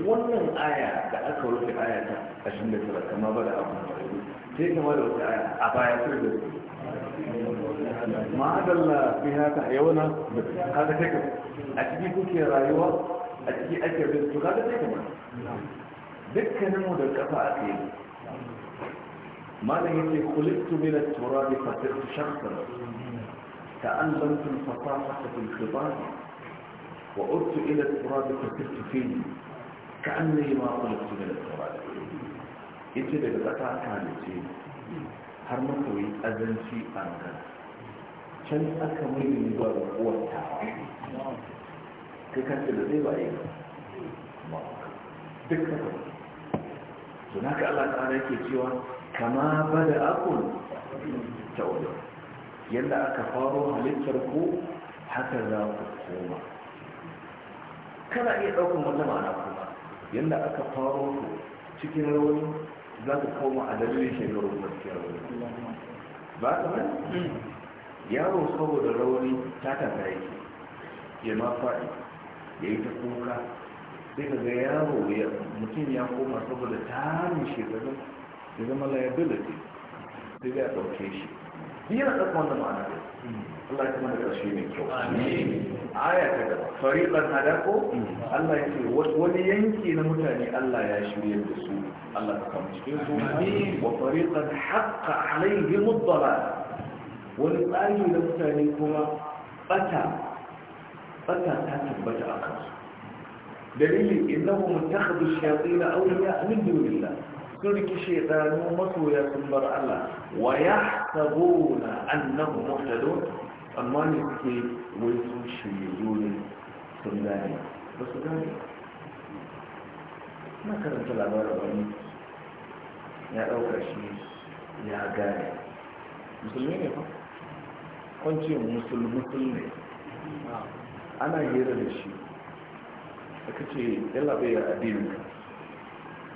wannan aya da aka rufe aya ta 29 kama ba da abu yi kama da wata aya a baya sai da ma'adalla fi haka yawana kaga take a ciki kuke rayuwa a ciki ake bin Ka ta take ma dukkaninmu da kafa ake yi ما لا خلقت من التراب فصرت شخصا تألمت الفصاحة في الخطاب وعدت إلى التراب فصرت فيه كأني ما خلقت من التراب أنت لقطع كانتي har maka yi azanci a nan can aka mai ne ba da kowata kai kanta da zai baye ba duk haka kama bada akun ta'udu yadda aka faro halittar ku haka za ku koma kana iya ɗaukar wata ma'ana kuma yadda aka faro ku cikin rauni za ku koma a dalilin shekarun gaskiya rauni ba ka ba yaro saboda rauni ta tafa yake ya ma faɗi ya yi ta kuka sai ka ga yaro mutum ya koma saboda tarin shekarun ya zama liability sai ya ɗauke shi biyar da wanda ma'ana ne Allah kuma da ƙarshe mai kyau aya ta gaba fariqan hadako Allah ya ce wani yanki na mutane Allah ya shirya da su Allah ta kama cikin su wa fariqan haqqa alayhi mudallal wani tsari na mutane kuma bata bata ta tabbata a kansu dalilin innahu mutakhadhu shayatin awliya min dunillah sun riki shaidanu masoya sun bar Allah wa ya sabo na annahu muhtadun amma ne suke wai sun shirye ne sun gane ba su gane na karanta labarin wani ya ɗauka shi ya gane musulmi ne ba kwanci musulmi ne ana hira da shi aka ce yalla bai addinin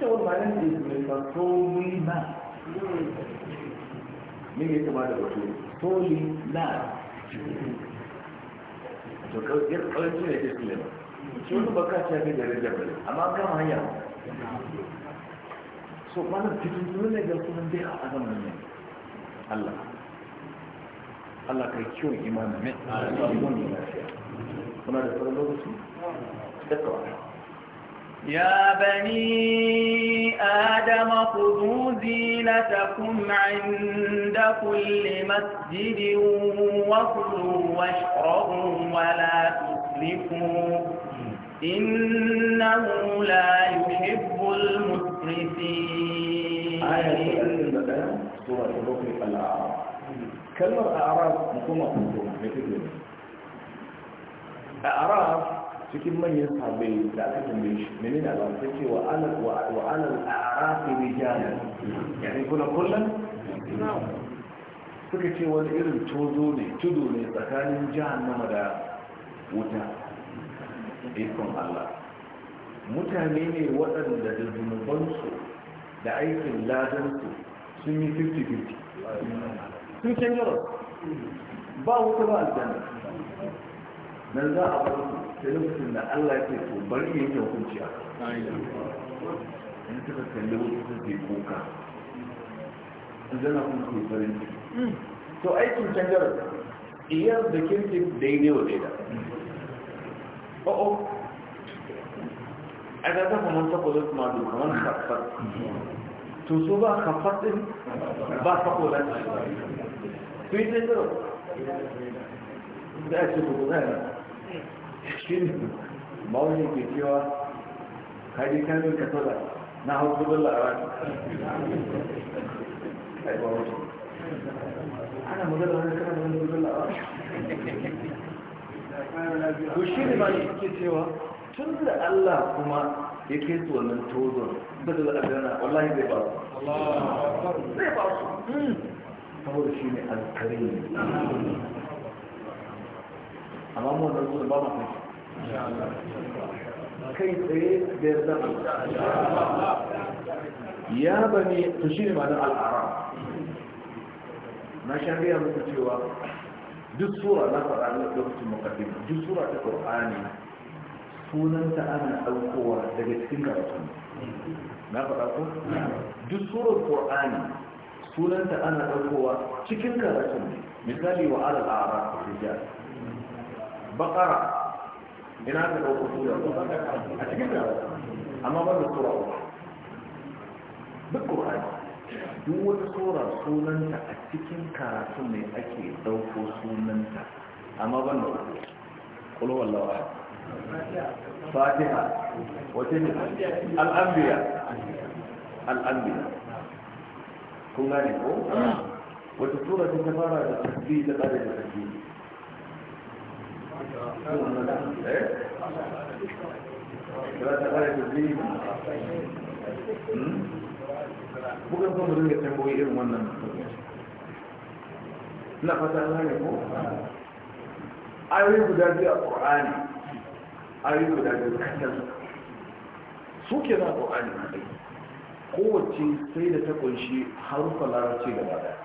cewar malam da mai farko na ne ya kama da wato toli na to kawai kawai ne ke kule ba shi wani baka ce ne da rajar bane amma kama hanya so malam cikin ne ga kuma dai a azamin ne Allah Allah kai kyau imanin ne a wani lafiya kuna da sauran lokaci? Takawa. يا بني آدم خذوا زينتكم عند كل مسجد وكلوا واشربوا ولا تسرفوا إنه لا يحب المسرفين آية سورة الأعراف كلمة أعراف مفهومة مفهومة أعراف cikin manyan sahabbai da aka tambaye shi menene ba ta ce wa alal wa alal a'rafi rijalan yani kuna kullun suka ce wani irin tozo ne tudu ne tsakanin jahannama da wuta ikon Allah mutane ne waɗanda da zunubansu da aikin ladansu sun yi 50-50 sun can yaron ba wuta ba aljanna nan za a bar su sai lokacin da Allah ke to bari ya yi hukunci a in suka kalli wasu ta ke kuka in zana kun ke farin ciki to aikin canjar iyar da kirki daidai wa daida o'o a ga ta kuma ta kwallo kuma da kamar kafar to so ba kafar din ba sakola su yi canjar da ake kuma zai shi mawuyi ke cewa kaji kan ka tada na hau kudin larabci aiba wuce ana magana wani kana da wani kudin larabci to shi ne ba ke cewa tun da allah kuma ya ke su wannan tozon bada da adana wallahi zai ba su zai ba su saboda shi ne alkari amma mu wannan zuwa ba mu kai kai tsaye da ya zama ya bane to shi ne ma'anar al'ara na sha gaya muku cewa duk sura na faɗa na lokacin makaddim duk sura ta ƙur'ani sunanta ana ɗaukowa daga cikin karatu na faɗa ko duk surar ƙur'ani sunanta ana ɗaukowa cikin karatu misali wa al'ara rijal Baƙara. ina ka ɗauko sura a cikin da amma ba da sura duk ƙur'ani duk wata sura sunanta a cikin karatu ne ake ɗauko sunanta amma ban da wata ƙulu wallawa fatiha wata ne al'ambiya al'ambiya kun gane ko wata sura ta fara da tasbih da ƙarfi da tasbih bukan kuma mu dinga tambayoyi irin wannan na fata an ne ko ayoyi guda biyu a ƙorani ayoyi guda biyu kanan su ke na ƙorani na ɗai kowace sai da ta ƙunshi harufa larabci gaba ɗaya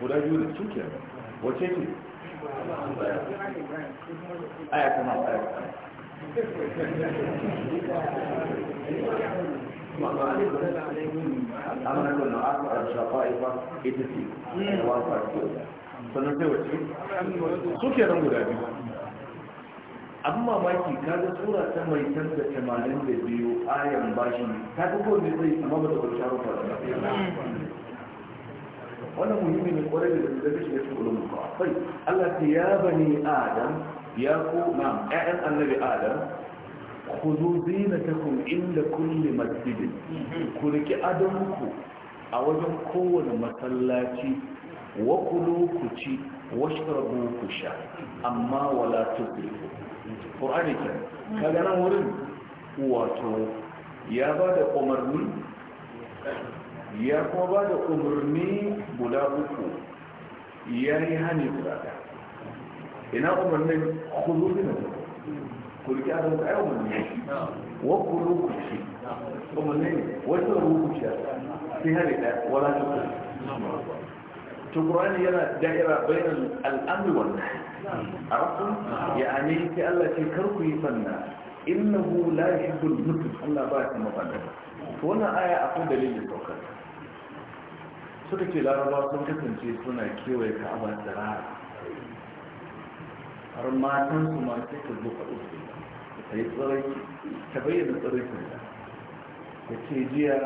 guda biyu da su ke wace ce aya kuma amma kun ita ce sai wace guda biyu abin mamaki ka ga tsura ta mai tanta tamanin da biyu ayan bashi ta ga ne zai amma ba ta kwanci harufa da wannan muhimmi ne kwarai da gaske da shiga cikin ulumul qur'an Allah ta ya bani adam ya ku na ƴaƴan annabi adam ku zo khudhu zinatakum inda kulli masjid ku riki adonku a wajen kowane masallaci wa kulu ku ci washrabu ku sha amma wala ta tusrifu qur'ani ke kaga nan wurin wato ya ba da umarni ya kuma ba da umarni guda uku ya yi hani guda ɗaya ina umarnin kudu da ku riƙe a zama kayan umarni wa ku rukuci umarni ne wata rukuci a sai hari ɗaya wala ta kuma tukurani yana da'ira bayan al'amri wannan a rafin ya ne sai allah ce kar ku yi fanna innahu la yuhibbul mutum allah ba ya kuma fanna to wannan aya akwai dalilin saukar suka ce larabawa sun kasance suna kewaye abar da rara har matan su ma sai ka zo faɗo su ka sai tsirai ka bayyana tsirai su da Ka ce jiya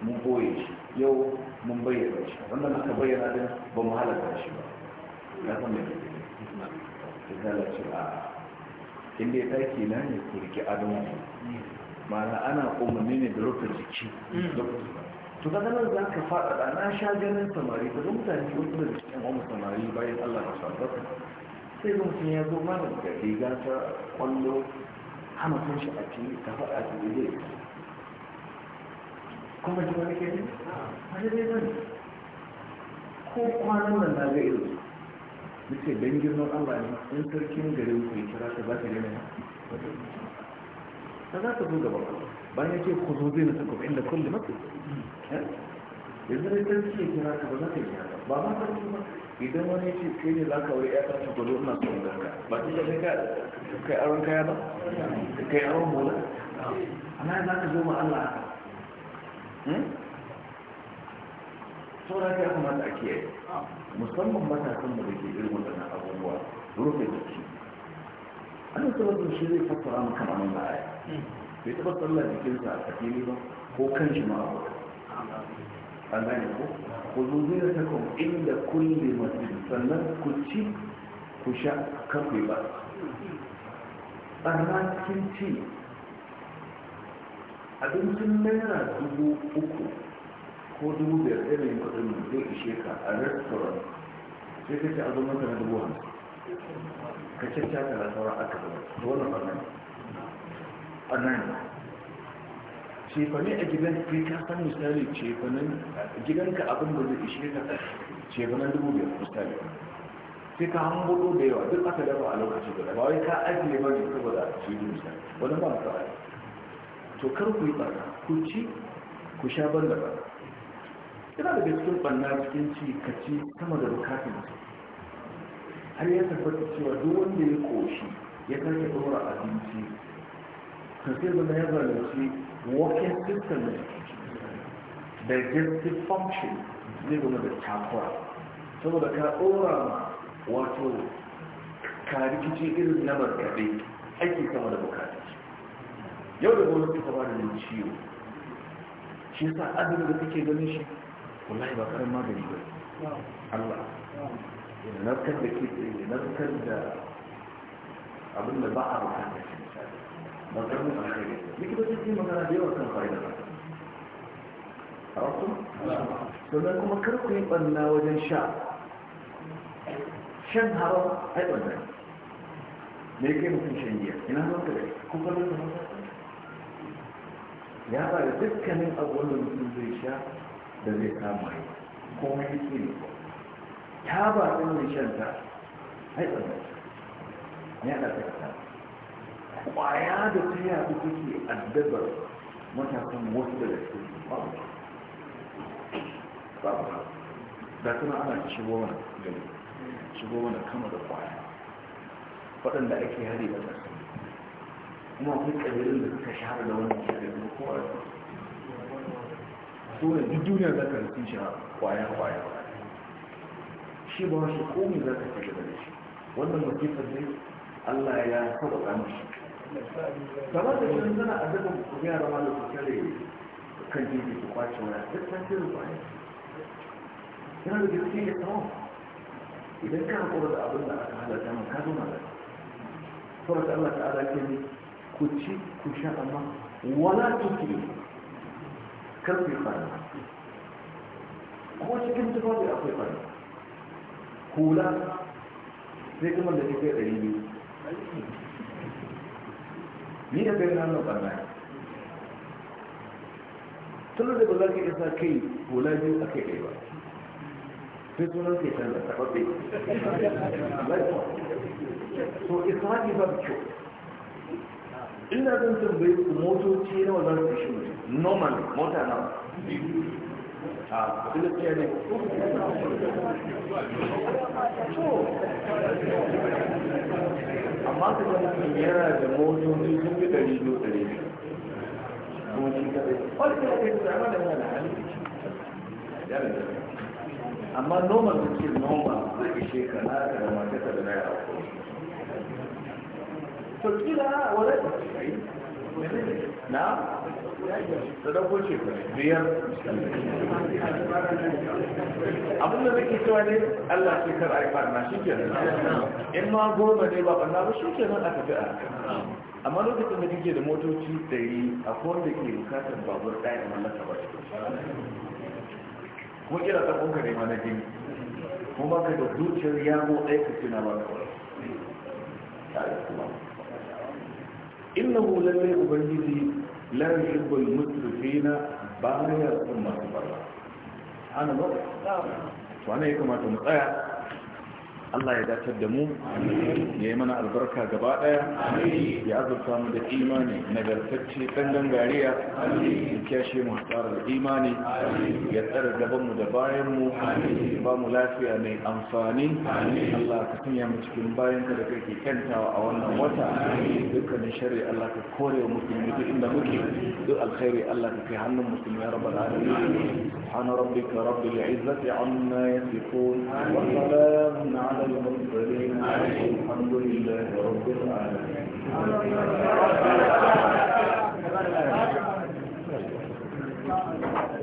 mun boye shi yau mun bayyana shi wanda ka bayyana da ba mu halaka shi ba ya san mai ke ta zalace a inda ya ɗaki na ne ku riƙe adamu ma'ana ana umarni ne da rufe jiki da mm. kuma to ga nan za ka faɗaɗa na sha ganin samari da mutane kuma da cikin wani samari bayan allah na shabbata sai mutum ya zo mana da riga ta kwallo hana kun shi a cikin ta faɗa ta zai kuma ji wani ke ne? wani dai ne ko kwanan nan na ga irin nace don nan allah ne in sarkin garin ku ya kira ta za ka gane ta za ka zo gaba ba. bayan yake ku zo zai na kuma inda kulle mafi eh? yanzu ne kan ce kira ka ba za ka yi ba ma ka ba idan wani ce kai ne za ka wuri ya tashi gwado ina son ganka ba ta shafi ka kai aron kaya ba ka kai aron bola amma za ka zo ma Allah haka saura ta kuma da ake yi musamman matakan da ke irin waɗannan abubuwa rufe shi. an yi sabon shi zai fassara maka mamun da aya bai taɓa tsalla jikinsa a fili ba ko kan shi ma abu an gane ko ku zuzi da takon inda kulle masjid sannan ku ci ku sha kakwai ba ɓarna kin ci abincin naira dubu uku ko dubu biyar ɗaya mai kudin zai ishe ka a restaurant sai ka ci zo ka na dubu hamsin ka cacca ka na sauran aka zama da wannan ɓarna ƙarnani cefane a gidan kai ka san misali cefanen gidanka abin da zai ishe ka cefanen dubu biyar misali sai ka hambudo da yawa duk aka dafa a lokaci da ba wai ka ajiye ba ne saboda su yi misali wani ba ka to kar ku yi ɓarna ku ci ku sha ban da ɓarna ina da cikin ɓarna cikin ci ka ci sama da bukatun har ya tabbata cewa duk wanda ya koshi ya karfe ɗora abinci to sai zama ya zalunci working system ne digestive function zai zama da takura saboda ka ɗora wato ka rikici irin na markaɗe aiki sama da bukata yau da gobe ka ba da ciwo shi sa azumi da kake ganin shi wallahi ba karan magani ba Allah narkar da ke narkar da abin da ba a bukata likitocin magana da yawa kan fa'ida a wasu sannan kuma karku yi ɓanna wajen sha shan haram ai ɓanna ne kai mutum shan giya ina haka da kuma da ya ba da dukkanin abuwan da mutum zai sha da zai kama yi ba ɗin mai shan ta ai ne a ɗaga ta kwaya da ta yaɗu take addabar matakan wasu daga cikin babu babu da kuma ana shigo mana gari shigo mana kama da kwaya waɗanda ake hari da ƙasa kuma akwai ƙabirin da suka shahara da wani shari'a da kowa so ne duk duniya za ka rikin shi kwaya kwaya shi ba shi komai za ka fi da shi wannan mutifar dai allah ya saba ƙamshi kamar da shi zana a zaɓin kuma yara ma da su kare kan jirgi su kwace wani duk san jirin ba yana da jirgin ya kawo idan ka haƙura da abin da aka halatta ma ka zo ma da sauran Allah ta'ala ke ne ku ci ku sha amma wala tuki karfi fara ko cikin tufafi akwai fara hula sai kuma da ke take ɗari biyu ni da kai na barna tun da ba za ka isa kai hula biyu a kai ɗaya ba sai sunan kai canza taɓaɓɓe so isra'i ba kyau ina zan tambayi motoci na wazar kashi normal mota nawa a amma yana da motoci sun fi ɗari biyu ɗari amma noma da ke noma ishe ka na ka da da na sadako ce biyar abinda zai cewa ne allah ce kar a yi barna shi ke in ma goma ne ba barna ba shi ke nan a tafi a amma lokacin da kike da motoci ɗari a kowanda ke bukatar babur ɗaya da mallaka ba kuma kira tsakon ne ma na gini kuma ka da zuciyar yago ɗaya ka tuna ba kawai innahu lallai ubangiji لا يحب المسرفين بايا ثم تبرع انا بقى وانا يكما تمطيع Allah ya datar da mu ya yi mana albarka gaba daya ya azurta mu da imani nagartacce ɗan gariya ya kyashe mu tsara da imani ya tsara gabanmu da bayanmu ba mu lafiya mai amfani Allah ka sanya mu cikin bayanka da kake kyantawa a wannan wata dukkanin shari Allah ka kore wa musulmi duk inda muke duk alkhairi Allah ka kai hannun musulmi ya rabbal alamin subhana rabbika rabbil izzati amma yasifun wa salamun على المرسلين الحمد لله رب العالمين